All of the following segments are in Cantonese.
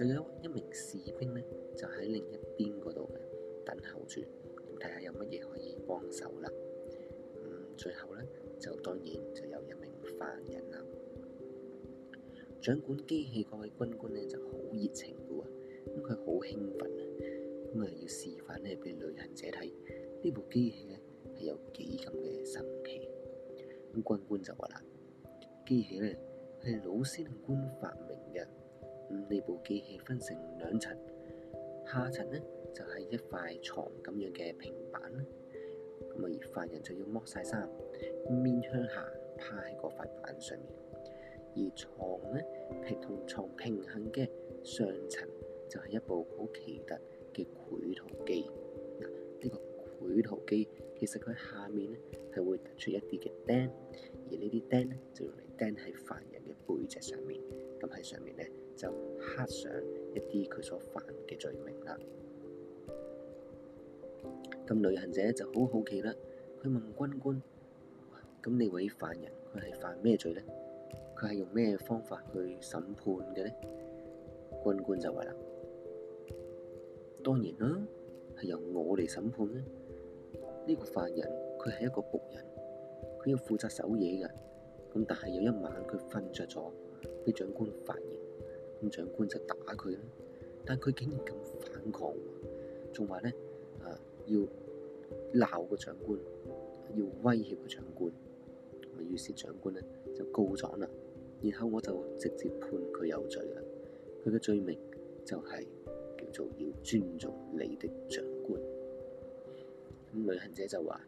仲有一名士兵呢，就喺另一邊嗰度等候住，睇下有乜嘢可以幫手啦。最後呢，就當然就有一名犯人啦。掌管機器嗰位軍官呢，就好熱情嘅喎，咁佢好興奮啊，咁啊要示範呢俾旅行者睇呢部機器呢，係有幾咁嘅神奇。咁軍官就話啦，機器呢係老司令官發明嘅。呢部機器分成兩層，下層呢就係、係、一塊床咁樣嘅平板咁啊，而犯人就要剝晒衫，面向下趴喺嗰塊板上面。而床呢，係同床平衡嘅上層就係一部好奇特嘅繪圖機。嗱、啊，呢、呢個繪圖機其實佢下面呢係會突出一啲嘅釘，而呢啲釘呢就用嚟釘喺犯人嘅背脊上面。咁喺上面呢。就刻上一啲佢所犯嘅罪名啦。咁旅行者就好好奇啦，佢問軍官：咁呢位犯人佢係犯咩罪呢？佢係用咩方法去審判嘅呢？」軍官就話啦：當然啦，係由我嚟審判呢。」呢個犯人佢係一個僕人，佢要負責守夜嘅。咁但係有一晚佢瞓着咗，俾長官發現。咁長官就打佢啦，但佢竟然咁反抗、啊，仲話咧啊要鬧個長官，要威脅個長官，於是長官咧就告狀啦，然後我就直接判佢有罪啦，佢嘅罪名就係叫做要尊重你的長官。咁旅行者就話：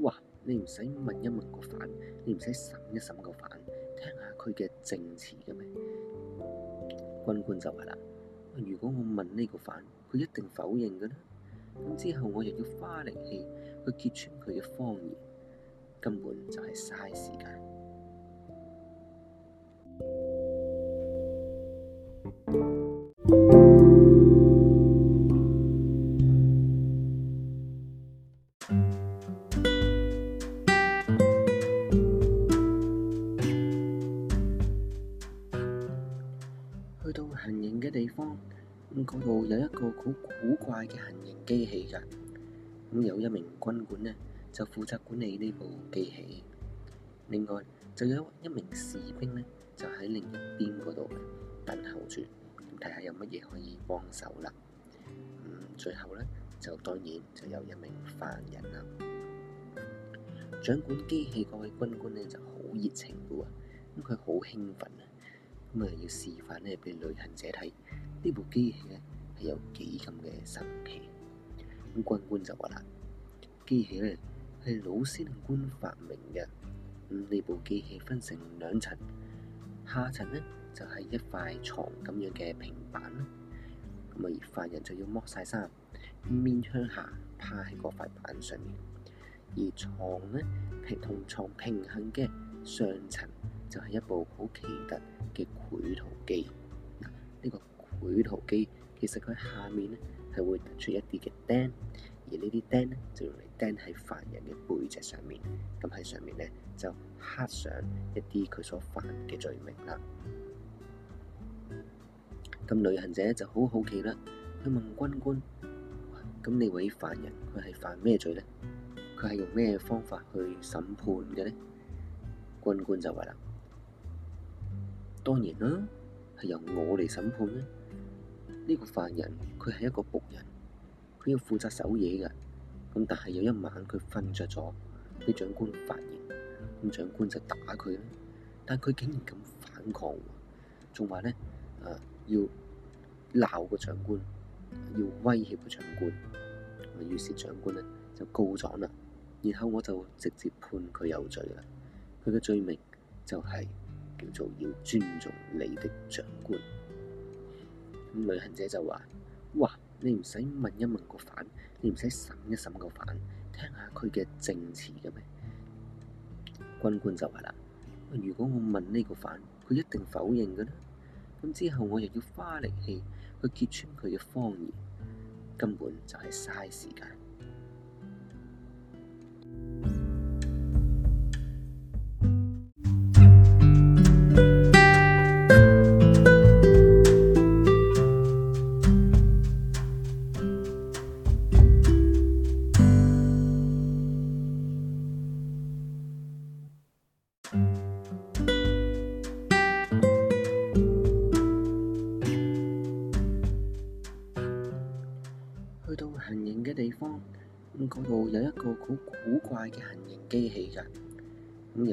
哇，你唔使問一問個犯，你唔使審一審個犯，聽下佢嘅證詞㗎咩？軍官就話啦，如果我問呢個犯，佢一定否認嘅咧，咁之後我又要花力氣去揭穿佢嘅謊言，根本就係嘥時間。 負責管理呢部機器，另外就有一名士兵呢，就喺另一邊嗰度等候住，睇下有乜嘢可以幫手啦。最後呢，就當然就有一名犯人啦。掌管機器嗰位軍官呢，就好熱情嘅喎，咁佢好興奮啊，咁啊要示範咧俾旅行者睇呢部機器呢，係有幾咁嘅神奇。咁軍官就話啦，「機器呢。」係老司令官發明嘅，咁呢部機器分成兩層，下層呢，就係、是、一塊床咁樣嘅平板，咁啊犯人就要剝晒衫，面向下趴喺嗰塊板上面，而床呢，平同床平衡嘅上層就係一部好奇特嘅繪圖機，呢、這個繪圖機其實佢下面呢，係會突出一啲嘅釘。呢啲釘咧，就用嚟釘喺犯人嘅背脊上面。咁喺上面咧，就刻上一啲佢所犯嘅罪名啦。咁旅行者就好好奇啦，佢問軍官：「咁呢位犯人佢係犯咩罪咧？佢係用咩方法去審判嘅咧？軍官就話啦：「當然啦，係由我嚟審判呢。」呢個犯人佢係一個僕人。佢要負責守夜嘅，咁但係有一晚佢瞓着咗，俾長官發現，咁長官就打佢啦，但佢竟然咁反抗，仲話咧，誒、呃、要鬧個長官，要威脅個長官，於是長官咧就告狀啦，然後我就直接判佢有罪啦，佢嘅罪名就係叫做要尊重你的長官，咁旅行者就話，哇、呃！呃呃你唔使問一問個犯？你唔使審一審個犯，聽下佢嘅證詞嘅咩？軍官就話啦，如果我問呢個犯，佢一定否認嘅啦，咁之後我又要花力氣去揭穿佢嘅謊言，根本就係嘥時間。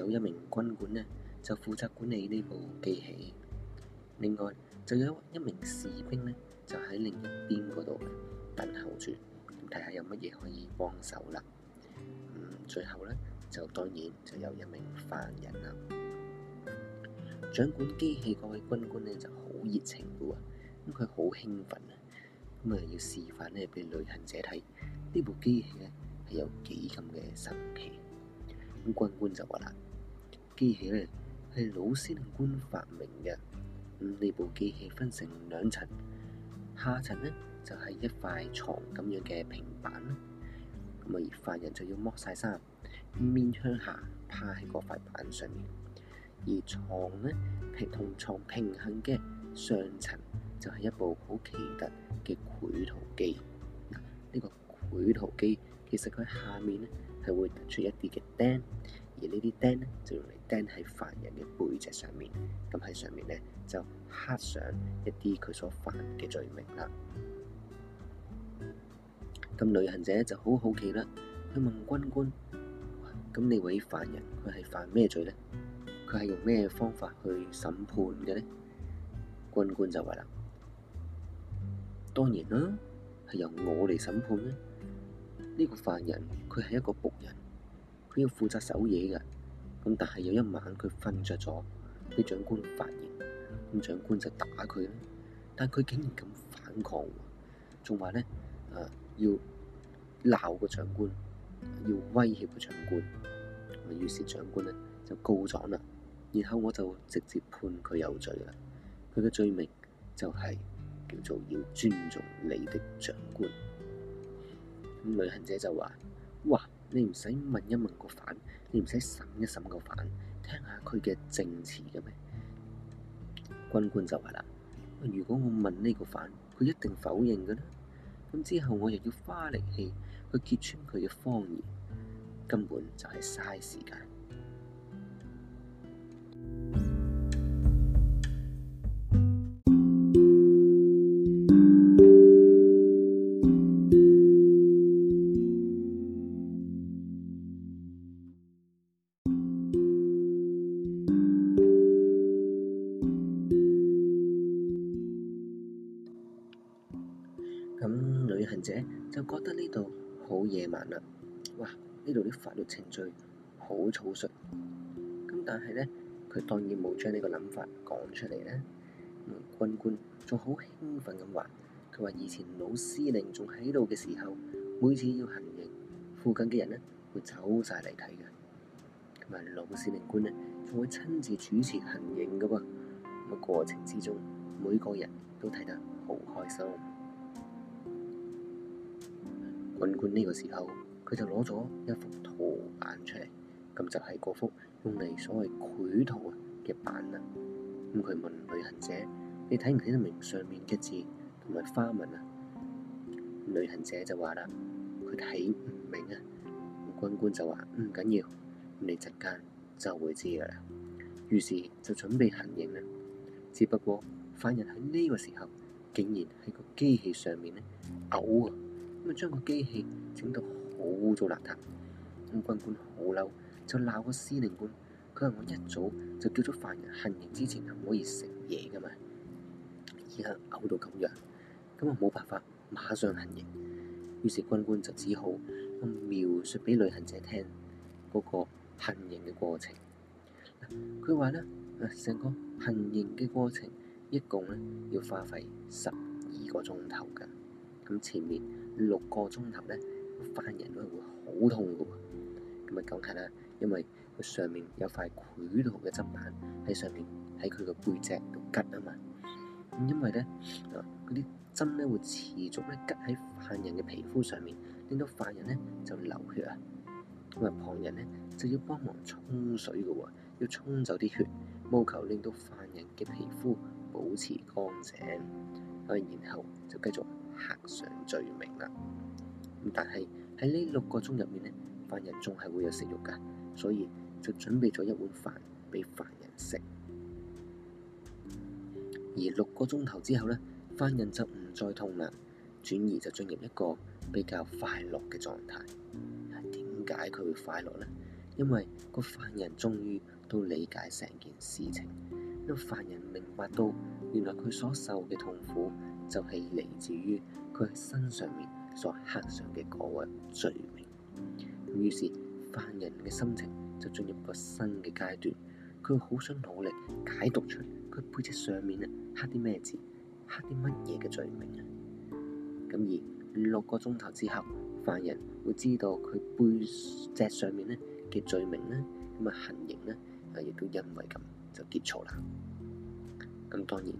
有一名軍官呢，就負責管理呢部機器。另外，就有一名士兵呢，就喺另一邊嗰度等候住，睇下有乜嘢可以幫手啦。嗯，最後呢，就當然就有一名犯人啦。掌管機器嗰位軍官呢，就好熱情噶喎，咁佢好興奮啊，咁啊要示範呢俾旅行者睇呢部機器呢，係有幾咁嘅神奇。咁軍官就話啦。機器咧係老司令官發明嘅，咁呢部機器分成兩層，下層呢就係、是、一塊床咁樣嘅平板，咁啊而犯人就要剝晒衫，面向下趴喺嗰塊板上面，而床呢，平同床平衡嘅上層就係、是、一部好奇特嘅繪圖機，嗱、這、呢個繪圖機其實佢下面呢係會突出一啲嘅釘。而呢啲釘咧，就用嚟釘喺犯人嘅背脊上面。咁喺上面咧，就刻上一啲佢所犯嘅罪名啦。咁旅行者就好好奇啦，佢問軍官：咁呢位犯人佢係犯咩罪咧？佢係用咩方法去審判嘅咧？軍官就話啦：當然啦，係由我嚟審判啦。呢、這個犯人佢係一個僕人。佢要負責守夜嘅，咁但係有一晚佢瞓着咗，俾長官發現，咁長官就打佢啦，但佢竟然咁反抗，仲話咧，誒、呃、要鬧個長官，要威脅個長官，於是長官咧就告狀啦，然後我就直接判佢有罪啦，佢嘅罪名就係、是、叫做要尊重你的長官，咁旅行者就話，哇！你唔使問一問個犯，你唔使審一審個犯，聽下佢嘅證詞嘅咩？軍官就話啦，如果我問呢個犯，佢一定否認嘅呢。咁之後我又要花力氣去揭穿佢嘅謊言，根本就係嘥時間。好野蠻啦！哇，呢度啲法律程序好草率，咁但係咧，佢當然冇將呢個諗法講出嚟咧。軍官仲好興奮咁話，佢話以前老司令仲喺度嘅時候，每次要行刑，附近嘅人咧會走晒嚟睇嘅。咁啊，老司令官咧仲會親自主持行刑嘅噃，啊，咁啊過程之中每個人都睇得好開心。軍官呢個時候，佢就攞咗一幅圖板出嚟，咁就係嗰幅用嚟所謂繪圖嘅板啦。咁佢問旅行者：你睇唔睇得明上面嘅字同埋花紋啊？旅行者就話啦：佢睇唔明啊。軍官就話：唔緊要，你陣間就會知噶啦。於是就準備行刑啦。只不過犯人喺呢個時候，竟然喺個機器上面咧嘔啊！將個機器整到好咗邋遢，咁軍官好嬲，就鬧個司令官。佢話，我一早就叫咗犯人行刑之前唔可以食嘢噶嘛，而家嘔到咁樣，咁啊冇辦法，馬上行刑。於是軍官就只好用描述俾旅行者聽嗰個行刑嘅過程。佢話咧，成個行刑嘅過程一共咧要花費十二個鐘頭噶，咁前面。六個鐘頭咧，犯人咧會好痛嘅喎。咁啊講下啦，因為佢上面有塊攰到嘅針板喺上面，喺佢嘅背脊度拮啊嘛。咁、嗯、因為咧嗰啲針咧會持續咧拮喺犯人嘅皮膚上面，令到犯人咧就流血啊。咁啊，旁人咧就要幫忙沖水嘅喎，要沖走啲血，務求令到犯人嘅皮膚保持乾淨。咁、嗯、然後就繼續。刻上罪名啦。但係喺呢六個鐘入面呢，犯人仲係會有食欲噶，所以就準備咗一碗飯俾犯人食。而六個鐘頭之後呢，犯人就唔再痛啦，轉而就進入一個比較快樂嘅狀態。係點解佢會快樂呢？因為個犯人終於都理解成件事情，因為犯人明白到原來佢所受嘅痛苦。就係嚟自於佢身上面所刻上嘅嗰個罪名，於是犯人嘅心情就進入一個新嘅階段，佢好想努力解讀出佢背脊上面咧刻啲咩字，刻啲乜嘢嘅罪名啊。咁而六個鐘頭之後，犯人會知道佢背脊上面咧嘅罪名呢，咁啊行刑呢，啊亦都因為咁就結束啦。咁當然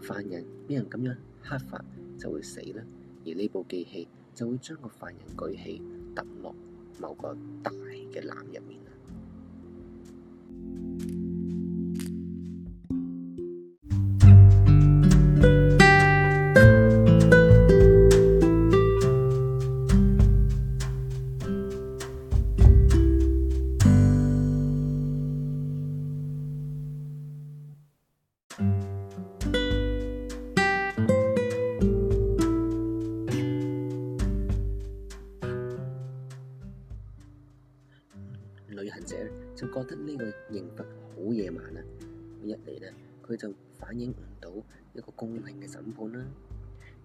犯人俾人咁樣黑發就會死啦，而呢部機器就會將個犯人舉起，揼落某個大嘅籃入面。就反映唔到一個公平嘅審判啦。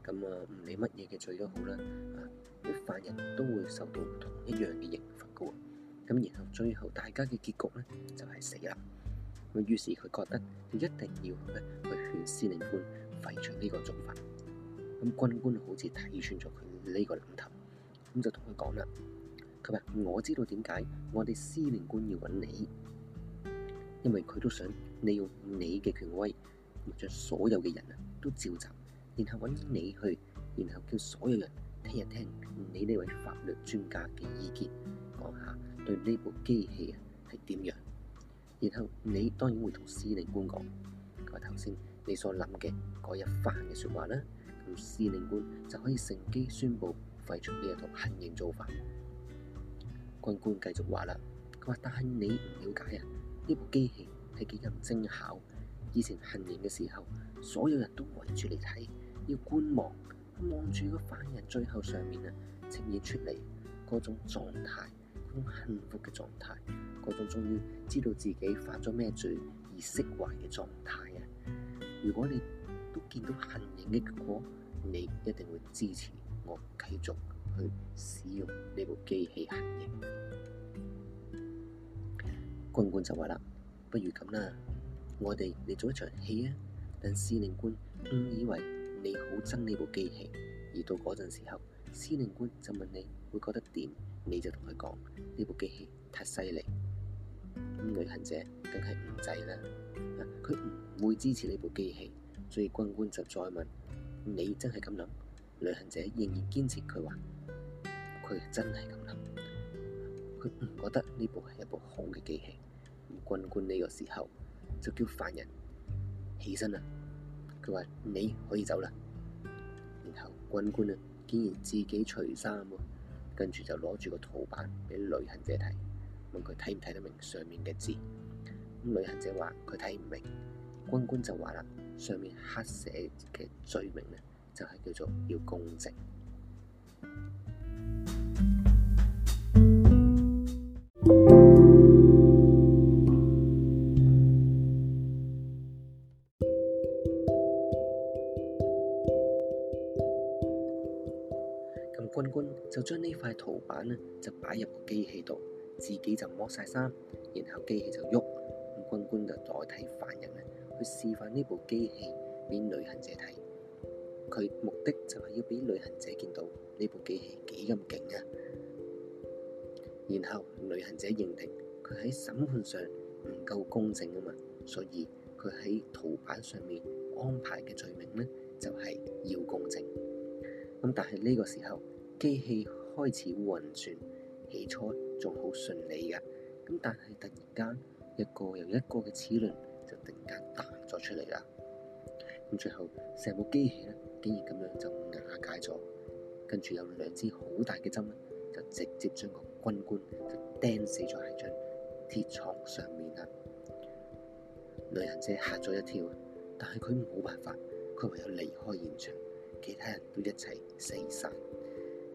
咁啊，唔理乜嘢嘅罪都好啦，啊，啲犯人都會受到同一樣嘅刑罰噶。咁、啊、然後最後大家嘅結局咧就係、是、死啦。咁於是佢覺得佢一定要去勸司令官廢除呢個做法。咁、啊、軍官好似睇穿咗佢呢個諗頭，咁就同佢講啦：，佢話我知道點解我哋司令官要揾你，因為佢都想。利用你嘅權威，讓所有嘅人啊都召集，然後揾你去，然後叫所有人聽一聽你呢位法律專家嘅意見，講下對呢部機器啊係點樣。然後你當然會同司令官講：，佢話頭先你所諗嘅嗰一番嘅説話啦。咁司令官就可以乘機宣佈廢除呢一套行刑做法。軍官繼續話啦：，佢話但係你唔了解啊，呢部機器。幾咁精巧，以前行刑嘅時候，所有人都圍住你睇，要觀望，望住個犯人最後上面啊呈現出嚟嗰種狀態，嗰種幸福嘅狀態，嗰種終於知道自己犯咗咩罪而釋懷嘅狀態啊！如果你都見到行刑嘅結果，你一定會支持我繼續去使用呢部機器行刑。軍官就話啦。不如咁啦，我哋嚟做一場戲啊！等司令官誤以為你好憎呢部機器，而到嗰陣時候，司令官就問你會覺得點，你就同佢講呢部機器太犀利、呃。旅行者梗係唔制啦，佢、啊、唔會支持呢部機器，所以軍官就再問你真係咁諗？旅行者仍然堅持佢話，佢真係咁諗，佢唔覺得呢部係一部好嘅機器。軍官呢個時候就叫犯人起身啦。佢話你可以走啦。然後軍官啊，竟然自己除衫，跟住就攞住個圖版俾旅行者睇，問佢睇唔睇得明上面嘅字。咁旅行者話佢睇唔明，軍官就話啦，上面刻寫嘅罪名咧，就係、是、叫做要公正。板呢就擺入個機器度，自己就摸晒衫，然後機器就喐，咁軍官就代替犯人呢去示範呢部機器俾旅行者睇，佢目的就係要俾旅行者見到呢部機器幾咁勁啊，然後旅行者認定佢喺審判上唔夠公正啊嘛，所以佢喺圖板上面安排嘅罪名呢，就係、是、要公正，咁、嗯、但係呢個時候機器。開始運轉，起初仲好順利㗎，咁但係突然間一個又一個嘅齒輪就突然間彈咗出嚟啦，咁最後成部機器呢竟然咁樣就瓦解咗，跟住有兩支好大嘅針就直接將個軍官就釘死咗喺張鐵牀上面啦，女人姐吓咗一跳，但係佢冇辦法，佢唯有離開現場，其他人都一齊死晒。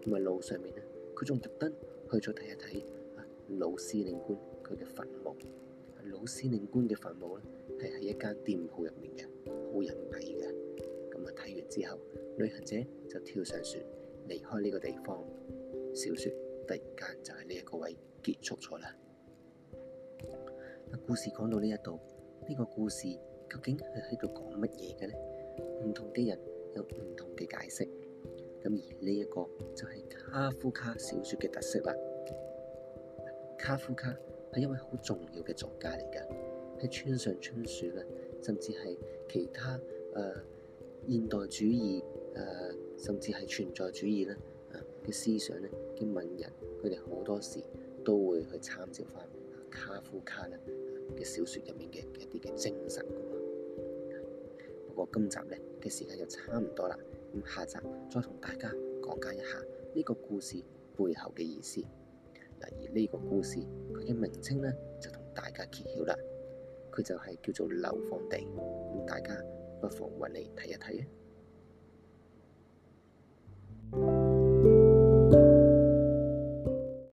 咁啊，路上面咧，佢仲特登去咗睇一睇老司令官佢嘅墳墓。老司令官嘅墳墓咧，係喺一間店鋪入面嘅，好隱蔽嘅。咁啊，睇完之後，旅行者就跳上船，離開呢個地方。小說突然間就係呢一個位結束咗啦。但、啊、故事講到呢一度，呢個故事究竟係喺度講乜嘢嘅呢？唔同嘅人有唔同嘅解釋。咁而呢一個就係卡夫卡小說嘅特色啦。卡夫卡係一位好重要嘅作家嚟㗎，喺村上春樹啦，甚至係其他誒、呃、現代主義誒、呃，甚至係存在主義啦嘅思想咧，嘅文人佢哋好多時都會去參照翻卡夫卡咧嘅小說入面嘅一啲嘅精神。不過今集咧嘅時間就差唔多啦。下集再同大家講解一下呢個故事背後嘅意思。嗱，而呢個故事佢嘅名稱呢，就同大家揭曉啦，佢就係叫做《流放地》。咁大家不妨搵嚟睇一睇啊！